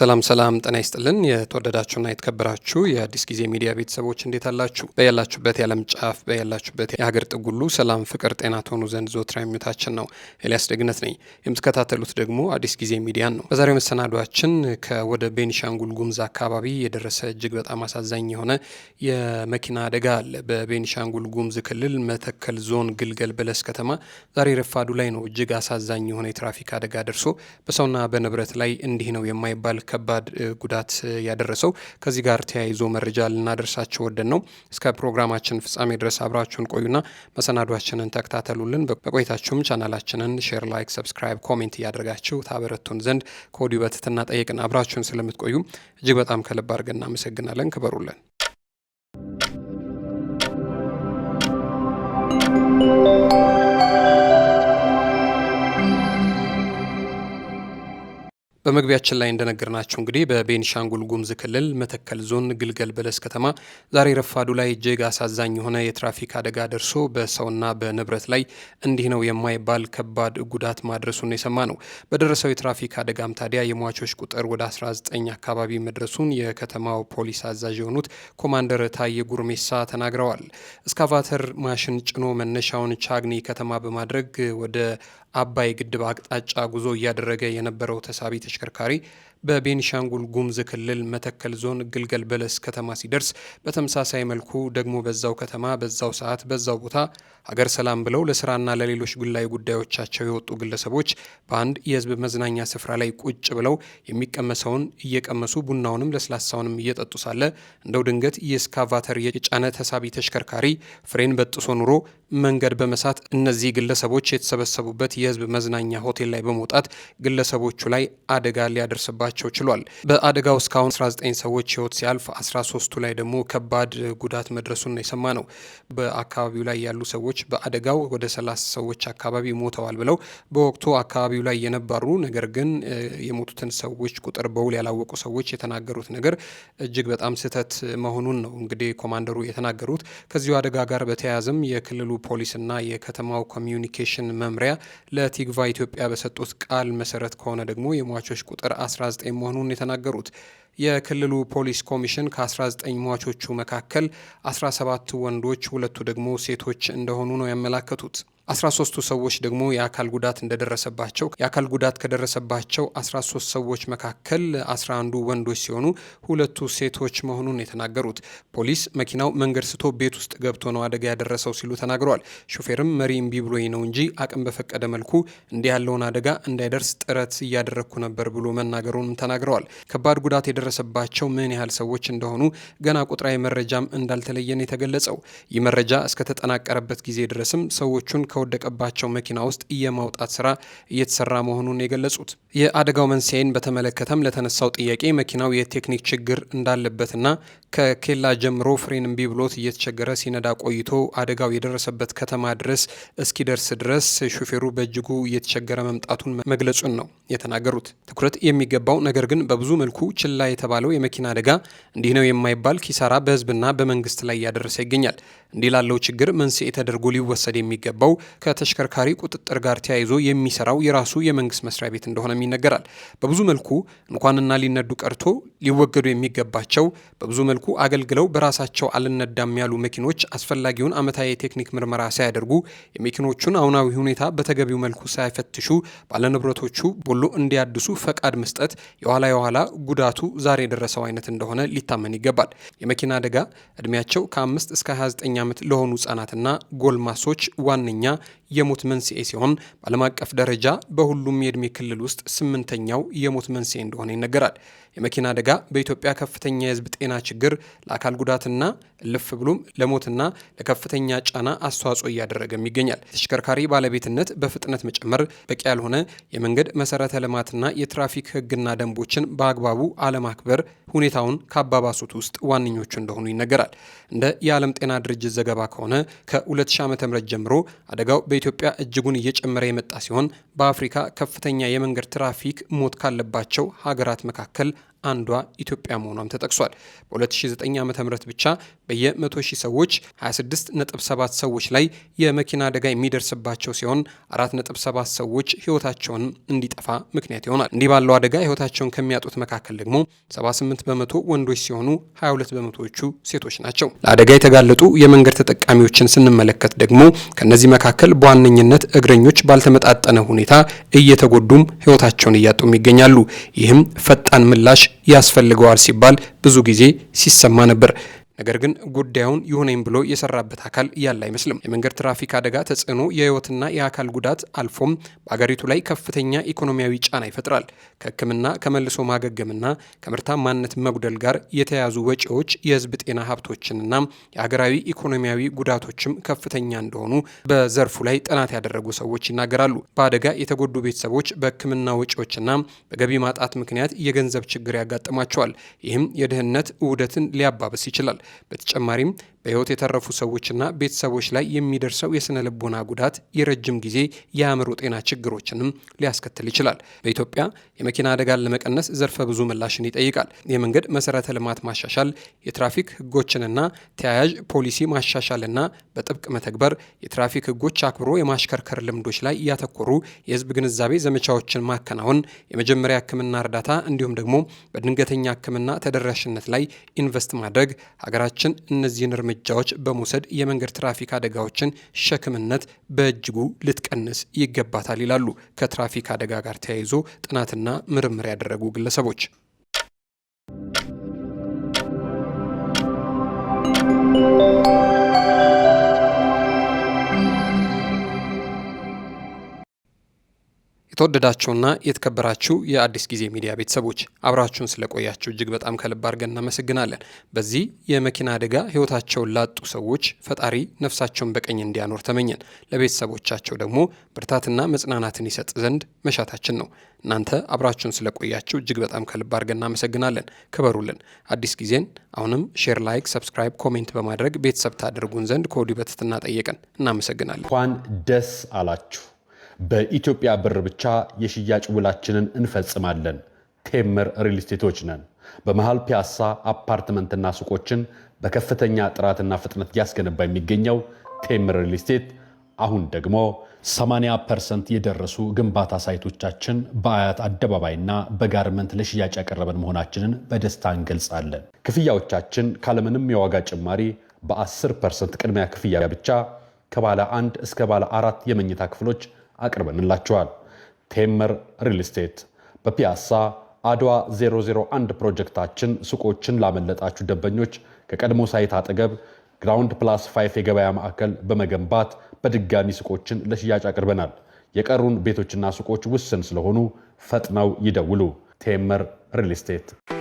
ሰላም ሰላም፣ ጤና ይስጥልን የተወደዳችሁና የተከበራችሁ የአዲስ ጊዜ ሚዲያ ቤተሰቦች እንዴት አላችሁ? በያላችሁበት የዓለም ጫፍ በያላችሁበት የሀገር ጥጉሉ ሰላም፣ ፍቅር፣ ጤና ትሆኑ ዘንድ ዘወትር ምኞታችን ነው። ኤልያስ ደግነት ነኝ። የምትከታተሉት ደግሞ አዲስ ጊዜ ሚዲያን ነው። በዛሬው መሰናዷችን ከወደ ቤኒሻንጉል ጉሙዝ አካባቢ የደረሰ እጅግ በጣም አሳዛኝ የሆነ የመኪና አደጋ አለ። በቤኒሻንጉል ጉሙዝ ክልል መተከል ዞን ግልገል በለስ ከተማ ዛሬ ረፋዱ ላይ ነው እጅግ አሳዛኝ የሆነ የትራፊክ አደጋ ደርሶ በሰውና በንብረት ላይ እንዲህ ነው የማይባል ከባድ ጉዳት ያደረሰው። ከዚህ ጋር ተያይዞ መረጃ ልናደርሳቸው ወደን ነው። እስከ ፕሮግራማችን ፍጻሜ ድረስ አብራችሁን ቆዩና መሰናዷችንን ተከታተሉልን። በቆይታችሁም ቻናላችንን ሼር፣ ላይክ፣ ሰብስክራይብ፣ ኮሜንት እያደረጋችሁ ታበረቱን ዘንድ ከወዲሁ በትህትና ጠየቅን። አብራችሁን ስለምትቆዩ እጅግ በጣም ከልብ አድርገን እናመሰግናለን። ክበሩልን። በመግቢያችን ላይ እንደነገርናችሁ እንግዲህ በቤኒሻንጉል ጉሙዝ ክልል መተከል ዞን ግልገል በለስ ከተማ ዛሬ ረፋዱ ላይ እጅግ አሳዛኝ የሆነ የትራፊክ አደጋ ደርሶ በሰውና በንብረት ላይ እንዲህ ነው የማይባል ከባድ ጉዳት ማድረሱን የሰማ ነው። በደረሰው የትራፊክ አደጋም ታዲያ የሟቾች ቁጥር ወደ 19 አካባቢ መድረሱን የከተማው ፖሊስ አዛዥ የሆኑት ኮማንደር ታየ ጉርሜሳ ተናግረዋል። እስካቫተር ማሽን ጭኖ መነሻውን ቻግኒ ከተማ በማድረግ ወደ አባይ ግድብ አቅጣጫ ጉዞ እያደረገ የነበረው ተሳቢ ተሽከርካሪ በቤኒሻንጉል ጉሙዝ ክልል መተከል ዞን ግልገል በለስ ከተማ ሲደርስ በተመሳሳይ መልኩ ደግሞ በዛው ከተማ በዛው ሰዓት በዛው ቦታ ሀገር ሰላም ብለው ለስራና ለሌሎች ግላዊ ጉዳዮቻቸው የወጡ ግለሰቦች በአንድ የህዝብ መዝናኛ ስፍራ ላይ ቁጭ ብለው የሚቀመሰውን እየቀመሱ ቡናውንም ለስላሳውንም እየጠጡ ሳለ እንደው ድንገት የስካቫተር የጫነ ተሳቢ ተሽከርካሪ ፍሬን በጥሶ ኑሮ መንገድ በመሳት እነዚህ ግለሰቦች የተሰበሰቡበት የህዝብ መዝናኛ ሆቴል ላይ በመውጣት ግለሰቦቹ ላይ አደጋ ሊያደርስባቸው ሊደርስባቸው ችሏል። በአደጋው እስካሁን 19 ሰዎች ህይወት ሲያልፍ 13ቱ ላይ ደግሞ ከባድ ጉዳት መድረሱን ነው የሰማ ነው። በአካባቢው ላይ ያሉ ሰዎች በአደጋው ወደ 30 ሰዎች አካባቢ ሞተዋል ብለው በወቅቱ አካባቢው ላይ የነበሩ ነገር ግን የሞቱትን ሰዎች ቁጥር በውል ያላወቁ ሰዎች የተናገሩት ነገር እጅግ በጣም ስህተት መሆኑን ነው እንግዲህ ኮማንደሩ የተናገሩት። ከዚሁ አደጋ ጋር በተያያዘም የክልሉ ፖሊስና የከተማው ኮሚዩኒኬሽን መምሪያ ለቲግቫ ኢትዮጵያ በሰጡት ቃል መሰረት ከሆነ ደግሞ የሟቾች ቁጥር 19 መሆኑን የተናገሩት የክልሉ ፖሊስ ኮሚሽን ከ19 ሟቾቹ መካከል 17 ወንዶች፣ ሁለቱ ደግሞ ሴቶች እንደሆኑ ነው ያመላከቱት። አስራ ሶስቱ ሰዎች ደግሞ የአካል ጉዳት እንደደረሰባቸው የአካል ጉዳት ከደረሰባቸው አስራ ሶስት ሰዎች መካከል አስራ አንዱ ወንዶች ሲሆኑ ሁለቱ ሴቶች መሆኑን የተናገሩት ፖሊስ መኪናው መንገድ ስቶ ቤት ውስጥ ገብቶ ነው አደጋ ያደረሰው ሲሉ ተናግረዋል። ሹፌርም መሪ እምቢ ብሎኝ ነው እንጂ አቅም በፈቀደ መልኩ እንዲህ ያለውን አደጋ እንዳይደርስ ጥረት እያደረግኩ ነበር ብሎ መናገሩንም ተናግረዋል። ከባድ ጉዳት የደረሰባቸው ምን ያህል ሰዎች እንደሆኑ ገና ቁጥራዊ መረጃም እንዳልተለየን የተገለጸው ይህ መረጃ እስከተጠናቀረበት ጊዜ ድረስም ሰዎቹን ከወደቀባቸው መኪና ውስጥ የማውጣት ስራ እየተሰራ መሆኑን የገለጹት የአደጋው መንስኤን በተመለከተም ለተነሳው ጥያቄ መኪናው የቴክኒክ ችግር እንዳለበትና ከኬላ ጀምሮ ፍሬን እምቢ ብሎት እየተቸገረ ሲነዳ ቆይቶ አደጋው የደረሰበት ከተማ ድረስ እስኪደርስ ድረስ ሹፌሩ በእጅጉ እየተቸገረ መምጣቱን መግለጹን ነው የተናገሩት። ትኩረት የሚገባው ነገር ግን በብዙ መልኩ ችላ የተባለው የመኪና አደጋ እንዲህ ነው የማይባል ኪሳራ በህዝብና በመንግስት ላይ እያደረሰ ይገኛል። እንዲህ ላለው ችግር መንስኤ ተደርጎ ሊወሰድ የሚገባው ከተሽከርካሪ ቁጥጥር ጋር ተያይዞ የሚሰራው የራሱ የመንግስት መስሪያ ቤት እንደሆነም ይነገራል። በብዙ መልኩ እንኳንና ሊነዱ ቀርቶ ሊወገዱ የሚገባቸው በብዙ መልኩ አገልግለው በራሳቸው አልነዳም ያሉ መኪኖች አስፈላጊውን ዓመታዊ የቴክኒክ ምርመራ ሳያደርጉ የመኪኖቹን አሁናዊ ሁኔታ በተገቢው መልኩ ሳይፈትሹ ባለንብረቶቹ ቦሎ እንዲያድሱ ፈቃድ መስጠት የኋላ የኋላ ጉዳቱ ዛሬ የደረሰው አይነት እንደሆነ ሊታመን ይገባል። የመኪና አደጋ ዕድሜያቸው ከአምስት እስከ 29 ዓመት ለሆኑ ህጻናትና ጎልማሶች ዋነኛ የሞት መንስኤ ሲሆን በዓለም አቀፍ ደረጃ በሁሉም የዕድሜ ክልል ውስጥ ስምንተኛው የሞት መንስኤ እንደሆነ ይነገራል። የመኪና አደጋ በኢትዮጵያ ከፍተኛ የህዝብ ጤና ችግር ለአካል ጉዳትና እልፍ ብሎም ለሞትና ለከፍተኛ ጫና አስተዋጽኦ እያደረገም ይገኛል። የተሽከርካሪ ባለቤትነት በፍጥነት መጨመር፣ በቂ ያልሆነ የመንገድ መሰረተ ልማትና የትራፊክ ህግና ደንቦችን በአግባቡ አለማክበር ሁኔታውን ከአባባሱት ውስጥ ዋነኞቹ እንደሆኑ ይነገራል። እንደ የዓለም ጤና ድርጅት ዘገባ ከሆነ ከ2000 ም ጀምሮ አደጋው በኢትዮጵያ እጅጉን እየጨመረ የመጣ ሲሆን በአፍሪካ ከፍተኛ የመንገድ ትራፊክ ሞት ካለባቸው ሀገራት መካከል አንዷ ኢትዮጵያ መሆኗም ተጠቅሷል። በ2009 ዓ ም ብቻ በየ100 ሺህ ሰዎች 26.7 ሰዎች ላይ የመኪና አደጋ የሚደርስባቸው ሲሆን 4.7 ሰዎች ህይወታቸውን እንዲጠፋ ምክንያት ይሆናል። እንዲህ ባለው አደጋ ህይወታቸውን ከሚያጡት መካከል ደግሞ 78 በመቶ ወንዶች ሲሆኑ 22 በመቶዎቹ ሴቶች ናቸው። ለአደጋ የተጋለጡ የመንገድ ተጠቃሚዎችን ስንመለከት ደግሞ ከእነዚህ መካከል በዋነኝነት እግረኞች ባልተመጣጠነ ሁኔታ እየተጎዱም ህይወታቸውን እያጡም ይገኛሉ። ይህም ፈጣን ምላሽ ያስፈልገዋል ሲባል ብዙ ጊዜ ሲሰማ ነበር። ነገር ግን ጉዳዩን ይሁነኝ ብሎ የሰራበት አካል ያለ አይመስልም። የመንገድ ትራፊክ አደጋ ተጽዕኖ የህይወትና የአካል ጉዳት አልፎም በአገሪቱ ላይ ከፍተኛ ኢኮኖሚያዊ ጫና ይፈጥራል። ከህክምና ከመልሶ ማገገምና ከምርታማነት መጉደል ጋር የተያዙ ወጪዎች የህዝብ ጤና ሀብቶችንና የሀገራዊ ኢኮኖሚያዊ ጉዳቶችም ከፍተኛ እንደሆኑ በዘርፉ ላይ ጥናት ያደረጉ ሰዎች ይናገራሉ። በአደጋ የተጎዱ ቤተሰቦች በህክምና ወጪዎችና በገቢ ማጣት ምክንያት የገንዘብ ችግር ያጋጥማቸዋል። ይህም የድህነት ውህደትን ሊያባብስ ይችላል። በተጨማሪም በሕይወት የተረፉ ሰዎችና ቤተሰቦች ላይ የሚደርሰው የስነ ልቦና ጉዳት የረጅም ጊዜ የአእምሮ ጤና ችግሮችንም ሊያስከትል ይችላል። በኢትዮጵያ የመኪና አደጋን ለመቀነስ ዘርፈ ብዙ ምላሽን ይጠይቃል። የመንገድ መሰረተ ልማት ማሻሻል፣ የትራፊክ ሕጎችንና ተያያዥ ፖሊሲ ማሻሻልና በጥብቅ መተግበር፣ የትራፊክ ሕጎች አክብሮ የማሽከርከር ልምዶች ላይ እያተኮሩ የህዝብ ግንዛቤ ዘመቻዎችን ማከናወን፣ የመጀመሪያ ሕክምና እርዳታ እንዲሁም ደግሞ በድንገተኛ ሕክምና ተደራሽነት ላይ ኢንቨስት ማድረግ ሀገራችን እነዚህን እርምጃ እርምጃዎች በመውሰድ የመንገድ ትራፊክ አደጋዎችን ሸክምነት በእጅጉ ልትቀንስ ይገባታል ይላሉ ከትራፊክ አደጋ ጋር ተያይዞ ጥናትና ምርምር ያደረጉ ግለሰቦች። የተወደዳችሁና የተከበራችሁ የአዲስ ጊዜ ሚዲያ ቤተሰቦች አብራችሁን ስለቆያችሁ እጅግ በጣም ከልብ አድርገን እናመሰግናለን። በዚህ የመኪና አደጋ ሕይወታቸውን ላጡ ሰዎች ፈጣሪ ነፍሳቸውን በቀኝ እንዲያኖር ተመኘን። ለቤተሰቦቻቸው ደግሞ ብርታትና መጽናናትን ይሰጥ ዘንድ መሻታችን ነው። እናንተ አብራችሁን ስለቆያችሁ እጅግ በጣም ከልብ አድርገን እናመሰግናለን። ክበሩልን። አዲስ ጊዜን አሁንም ሼር፣ ላይክ፣ ሰብስክራይብ፣ ኮሜንት በማድረግ ቤተሰብ ታደርጉን ዘንድ ከወዲሁ በትህትና ጠየቅን። እናመሰግናለን። እንኳን ደስ አላችሁ። በኢትዮጵያ ብር ብቻ የሽያጭ ውላችንን እንፈጽማለን። ቴምር ሪልስቴቶች ነን። በመሃል ፒያሳ አፓርትመንትና ሱቆችን በከፍተኛ ጥራትና ፍጥነት እያስገነባ የሚገኘው ቴምር ሪል ስቴት አሁን ደግሞ 80 ፐርሰንት የደረሱ ግንባታ ሳይቶቻችን በአያት አደባባይና በጋርመንት ለሽያጭ ያቀረበን መሆናችንን በደስታ እንገልጻለን። ክፍያዎቻችን ካለምንም የዋጋ ጭማሪ በ10 ፐርሰንት ቅድሚያ ክፍያ ብቻ ከባለ አንድ እስከ ባለ አራት የመኝታ ክፍሎች አቅርበንላችኋል። ቴምር ሪል ስቴት በፒያሳ አድዋ 001 ፕሮጀክታችን ሱቆችን ላመለጣችሁ ደንበኞች ከቀድሞ ሳይት አጠገብ ግራውንድ ፕላስ 5 የገበያ ማዕከል በመገንባት በድጋሚ ሱቆችን ለሽያጭ አቅርበናል። የቀሩን ቤቶችና ሱቆች ውስን ስለሆኑ ፈጥነው ይደውሉ። ቴምር ሪል ስቴት